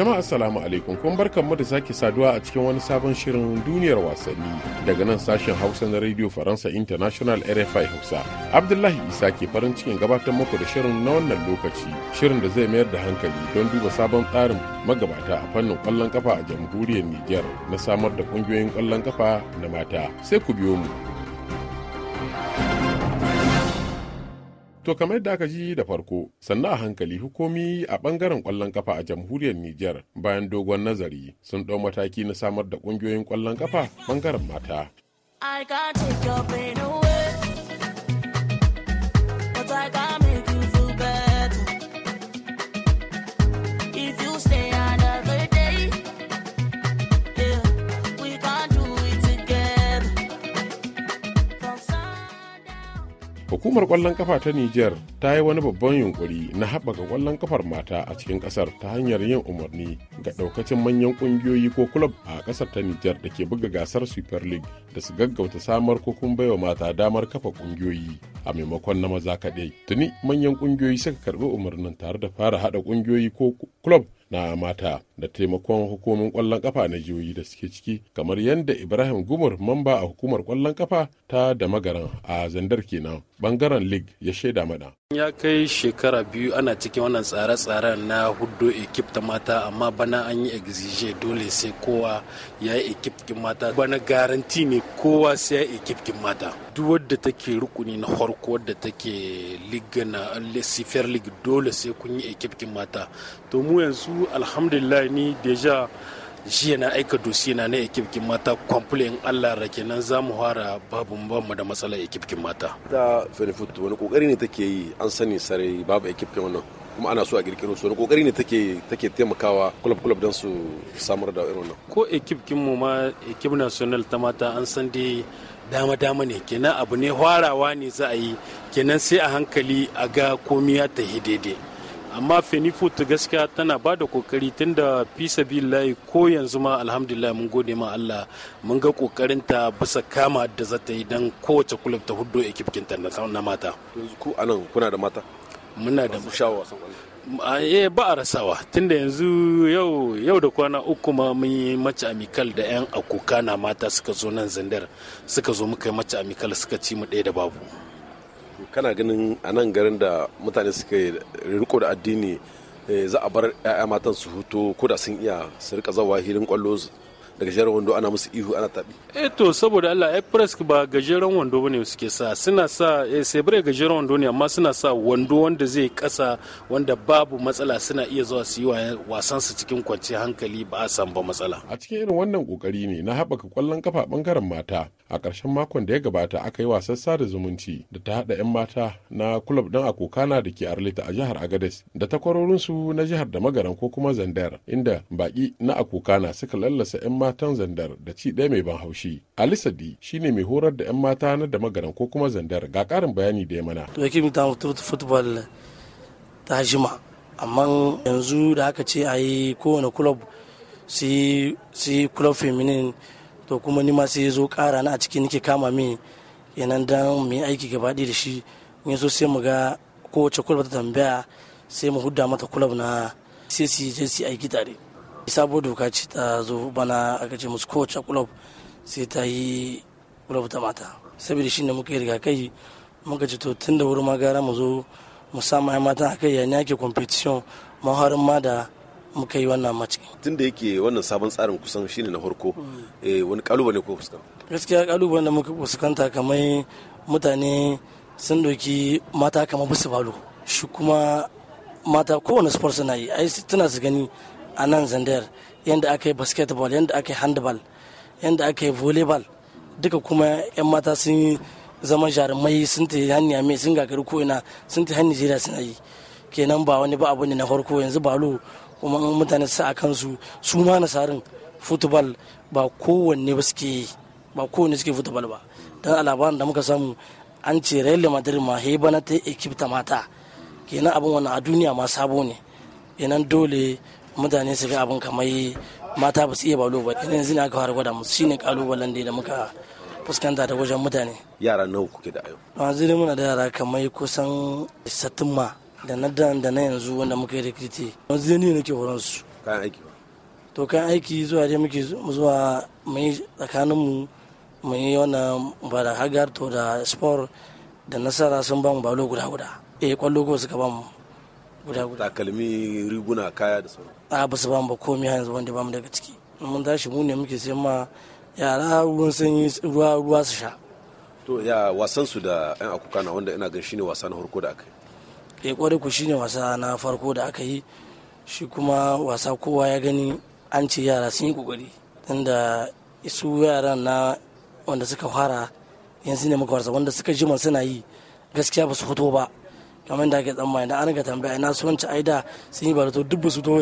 Jama'a assalamu alaikum kun mu da sake saduwa a cikin wani sabon shirin duniyar wasanni daga nan sashen Hausa na Radio Faransa International RFI Hausa. Abdullahi Isa ke farin cikin gabatar muku da shirin na wannan lokaci, shirin da zai mayar da hankali don duba sabon tsarin magabata a fannin kwallon kafa a jamhuriyar niger na samar da kungiyoyin kwallon kafa na mata. Sai ku biyo mu. To kamar yadda aka ji da farko, sannan a hankali hukumi a bangaren kwallon kafa a jamhuriyar Nijar bayan dogon nazari sun ɗau mataki na samar da ƙungiyoyin kwallon kafa bangaren mata. I Hukumar kwallon kafa ta Nijar ta yi wani babban yunkuri na haɓaka kwallon kafar mata a cikin ƙasar ta hanyar yin umarni ga ɗaukacin manyan ƙungiyoyi ko kulob a ƙasar ta Nijar da ke buga gasar Super League da su gaggauta samar ko kuma baiwa mata damar kafa ƙungiyoyi a maimakon na maza kaɗai. Tuni manyan ƙungiyoyi suka karɓi umarnin tare da fara haɗa ƙungiyoyi ko club na mata da taimakon hukumomin kwallon kafa na jihohi da suke ciki kamar yadda ibrahim gumur mamba a hukumar kwallon kafa ta da magaran a zandar kenan bangaren league ya shaida mana ya kai shekara biyu ana cikin wannan tsare-tsaren na hudu ekip ta mata amma bana an yi exige dole sai kowa ya yi ekip mata bana garanti ne kowa sai ya yi ekip mata duk wadda take rukuni na farko wadda take liga na sifiyar liga dole sai kun yi ekipkin mata to mu yanzu alhamdulillah ni deja jiya na aika dosi na na ekipkin mata kwamfule in allah rake nan za mu fara babu bamu da matsala ekipkin mata ta fenifut wani kokari ne take yi an sani sarai babu ekipkin wannan kuma ana so a kirkiro su wani kokari ne take take taimakawa club club don su samar da irin nan ko ekipkin mu ma ekip national ta mata an san dai dama dama ne kenan abu ne hwarawa ne za a yi kenan sai a hankali a ga komi ya tafi daidai amma fenifut gaskiya tana ba da kokari tunda fisa billahi ko yanzu ma alhamdulillah mun gode ma Allah mun ga kokarinta bisa kama da za ta yi don kowace kulub ta hudu ta na mata ku kuna da mata muna da Ah, eh ba a rasawa tunda yanzu yau yau da kwana uku ma mun yi mace amikal da yan akuka na mata suka zo nan zandar suka zo muka yi mace amikal suka ci mu ɗaya da babu kana ganin a nan garin da mutane suka riko da addini eh, za a bar 'ya'ya matan su hutu ko da sun iya su rika zawa hilin kwallo da gajeren wando ana musu ihu ana tabi eh to saboda Allah ai press ba gajeren wando bane suke sa suna sa eh sebre gajeren wando ne amma suna sa wando wanda zai kasa wanda babu matsala suna iya zuwa su yi wasan su cikin kwanciyar hankali ba a san ba matsala a cikin irin wannan kokari ne na haɓaka kwallon kafa bangaren mata a ƙarshen makon da ya gabata aka yi wasan sada zumunci da ta haɗa 'yan mata na kulab ɗin akokana da ke arlita a jihar agades da takwarorinsu na jihar da magaran ko kuma zandar inda baƙi na akokana suka lallasa 'yan mata matan zandar da ci ɗaya mai ban haushi ali sadi shine mai horar da 'yan mata na da magaran ko kuma zandar ga ƙarin bayani da ya mana to yake ta football ta jima amma yanzu da aka ce a yi kowane club sai club feminin to kuma ni ma sai zo ƙara na a ciki nake kama min kenan dan mu aiki aiki gabaɗaya da shi in so sai mu ga kowace kulob ta tambaya sai mu hudda mata kulob na sai su je su aiki tare sabo doka ce ta zo bana aka ce musu kowace kulob sai ta yi kulob ta mata saboda shi ne muka yi rigakai muka ce to tun da wuri ma gara mu zo mu sa ma mata akai ya yake competition maharin ma da muka yi wannan mace tun da yake wannan sabon tsarin kusan shi ne na farko eh, wani kalubale ko fuskanta gaskiya kaluba da muka fuskanta kamar mutane sun doki mata kamar bisu balo shi kuma mata kowane sport suna yi ai tana su gani a nan zandar yadda aka yi basketball yadda aka yi handball yadda aka yi volleyball duka kuma 'yan mata sun yi zama jarumai sun ta hanya mai sun gagari ko ina sun ta hanyar jira suna yi kenan ba wani ba abu ne na farko yanzu balo kuma mutane sa a kansu su ma nasarin futbal ba kowanne ba suke ba kowanne suke futbal ba don a labarin da muka samu an ce Real Madrid ma he bana ta ekip ta mata kenan abin wannan a duniya ma sabo ne kenan dole mutane su ga abin kamar mata ba su iya balo ba idan zina ne aka fara gwada musu shine kalubalen da muka fuskanta da wajen mutane yara nawa kuke da yau a ne muna da yara kamar kusan sattin ma da na dan da na yanzu wanda muka yi a yanzu ne nake horon su kayan aiki ba. to kayan aiki zuwa dai muke zuwa mai tsakanin mu mu yi wannan ba da hagar to da sport da nasara sun ba mu balo guda guda eh kwallo ko suka ba mu guda guda takalmi riguna kaya da sauran a ba su ba mu ba komai yanzu wanda ba mu daga ciki mun tashi mu ne muke sai ma yara ruwan sanyi ruwa ruwa su sha to ya wasan su da yan akuka na wanda ina gan shine wasa na farko da aka yi eh kware ku shine wasa na farko da aka yi shi kuma wasa kowa ya gani an ce yara sun yi kokari tunda su yaran na wanda suka fara yanzu ne muka wasa wanda suka jima suna yi gaskiya ba su fito ba kamar da ake tsammani da an ga tambaya ina su ci aida sun yi barato duk su to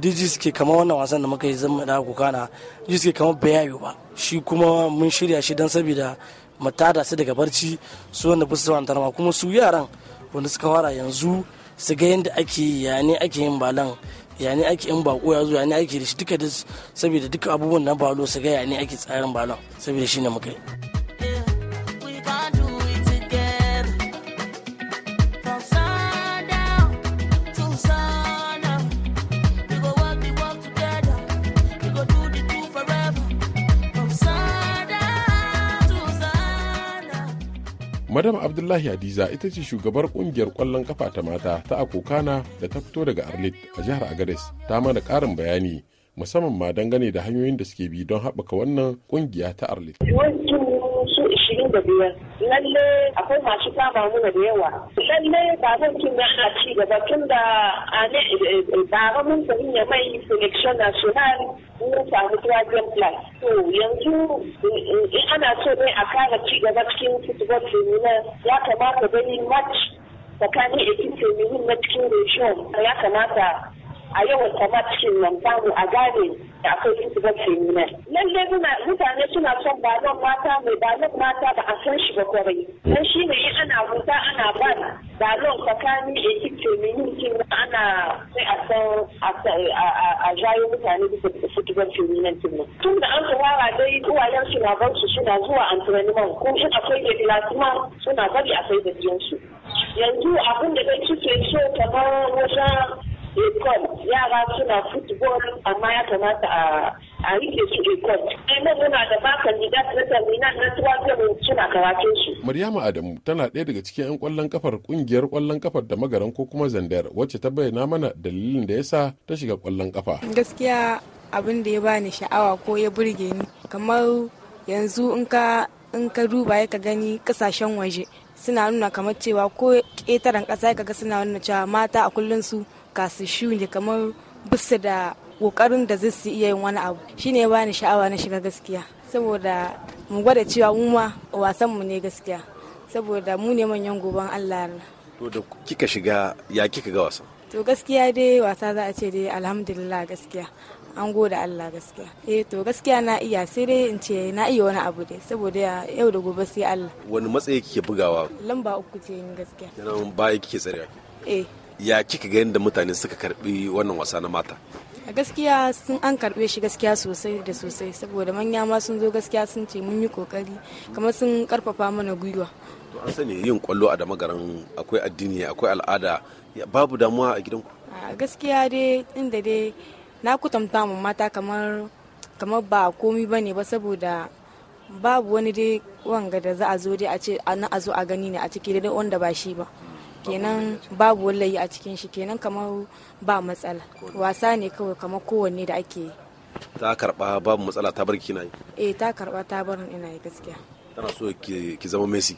diji suke kama wannan wasan da muka yi zama da kana diji suke kama bayayo ba shi kuma mun shirya shi don saboda matada su daga barci su wanda ba wani tarma kuma su yaran wanda suka fara yanzu su ga yadda ake yi ya ne ake yin balan ya ne ake yin bako ya zo ya ne ake da shi duka saboda duka abubuwan na balo su ga ya ne ake tsarin balon saboda shi ne muka yi. madam abdullahi hadiza ita ce shugabar kungiyar kwallon kafa ta mata ta akokana da ta fito daga arlit a jihar agres ta mana karin bayani musamman ma dangane da hanyoyin da suke bi don haɓaka wannan kungiya ta arlit da biyar lalle akwai masu kama muna da yawa lalle ba zan kin na a ci gaba tun da a ne ga eh, eh, eh, mun sami ya mai selection national mun samu dragon plus to yanzu in ana so ne a kara ci gaba cikin football feminine ya kamata gani match tsakanin ekin feminine na cikin region ya kamata a yawan kwamatishin nan samu a gane da akwai intibatin nuna. Lalle mutane suna son balon mata mai balon mata ba a san shi ba kwarai. Dan shi ne yi ana huta ana ba balon tsakanin cikin femininki ana sai a san a jayo mutane bisa da fitibar femininki nan. Tun da an fara dai uwayen na ban su suna zuwa antrenman ko in akwai da filasman suna bari akwai da biyansu. Yanzu abin da dai kike so kamar wajen ikon yara suna football amma ya kamata a rike su ekol ina muna da baka da na terminal na tuwazin suna karatun su. Maryama Adamu tana ɗaya daga cikin 'yan kwallon kafar kungiyar kwallon kafar da magaran ko kuma zandar wacce ta bayyana mana dalilin da yasa ta shiga kwallon kafa. Gaskiya abin da ya bani sha'awa ko ya burge ni kamar yanzu in ka in ka duba ya ka gani kasashen waje suna nuna kamar cewa ko ƙetaren ƙasa ka ga suna nuna cewa mata a kullum su Ka su shuni kamar bisa da kokarin da zai su iya yin wani abu Shi ne ya bani sha'awa na shiga gaskiya saboda mu gwada cewa mu ma wasan mu ne gaskiya saboda mu ne manyan goban Allah to da kika shiga ya kika ga wasan to gaskiya dai wasa za a ce dai alhamdulillah gaskiya an goda Allah gaskiya eh to gaskiya na iya sai dai in ce na iya wani abu dai saboda yau da gobe sai Allah wani matsayi kike bugawa lamba uku ce ni gaskiya dan baya kike tsare eh ya kika ga yadda mutane suka karbi wannan wasa na mata a gaskiya sun an karbe shi gaskiya sosai da sosai saboda manya ma sun zo gaskiya sun ce mun yi kokari kamar sun karfafa mana gwiwa to an sani yin kwallo a damagaran akwai addini akwai al'ada babu damuwa a gidanku a gaskiya dai inda dai na kutamta mu mata kamar kamar ba komi bane ba saboda babu wani dai wanga da za a zo dai a ce a zo a gani ne a ciki da wanda ba shi ba kenan babu wallayi a cikin shi kenan kamar ba matsala wasa ne kawai kamar kowanne da ake yi ta karba babu matsala ta bar kina yi eh ta karba ta bar ina yi gaskiya tana so ki zama messi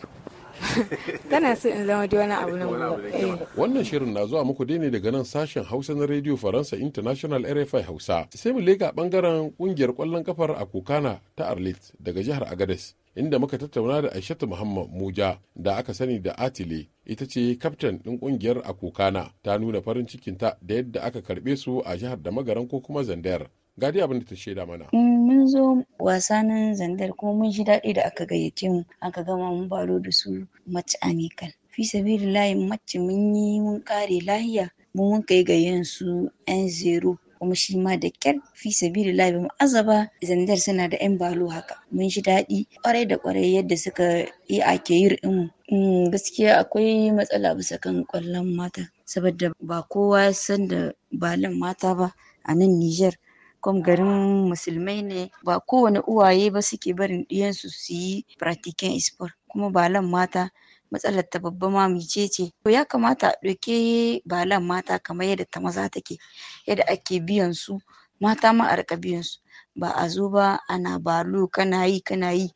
tana so in zama wani abu na eh. wannan shirin na zuwa muku dai ne daga nan sashen hausa na radio faransa international rfi hausa sai mu leka bangaren kungiyar kwallon kafar a kokana ta arlit daga jihar agades inda muka tattauna da aishatu muhammad muja da aka sani da atile ita ce kaftan ɗin ƙungiyar akokana ta nuna farin cikinta da yadda aka karɓe su a jihar da magaran ko kuma zandar gadi abin da ta shaida mana. Mm, mun zo wasanin zandar kuma mun ji daɗi da aka gayyace mu aka gama mun baro da su mace amikal fi sabiri layin mace mun yi mun kare lahiya mun kai ga su yan zero kuma shi ma da kyar fi sabili labi mu'azzaba zandar suna da yan balo haka mun shi daɗi kwarai da kwarai yadda suka yi a keyir in mm, gaskiya akwai matsala bisa kan kwallon mata saboda ba kowa san da balon mata ba a nan Nijar kom garin musulmai ne ba kowane uwaye ba suke barin ɗiyansu su yi pratiken sport kuma balon mata matsalar ta babba ma ce to ya kamata a ɗauki balan mata kamar yadda ta maza take yadda ake biyan su mata ma a rika biyan su ba a zo ba ana balo kana yi kana yi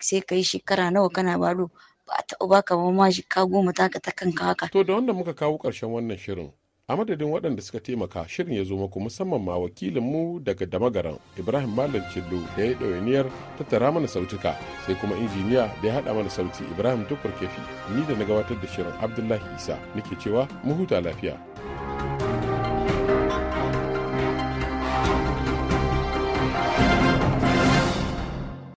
sai ka yi shekara nawa kana balo ba a taɓa ka ba ma ka goma taka ta kanka haka to da wanda muka kawo ƙarshen wannan shirin a madadin waɗanda suka taimaka shirin ya zo muku musamman ma wakilinmu daga damagaran ibrahim malam cillo da ya niyyar tattara mana sautuka sai kuma injiniya da ya haɗa mana sauti ibrahim tukur kefi ni da na gabatar da shirin abdullahi isa nake cewa mu huta lafiya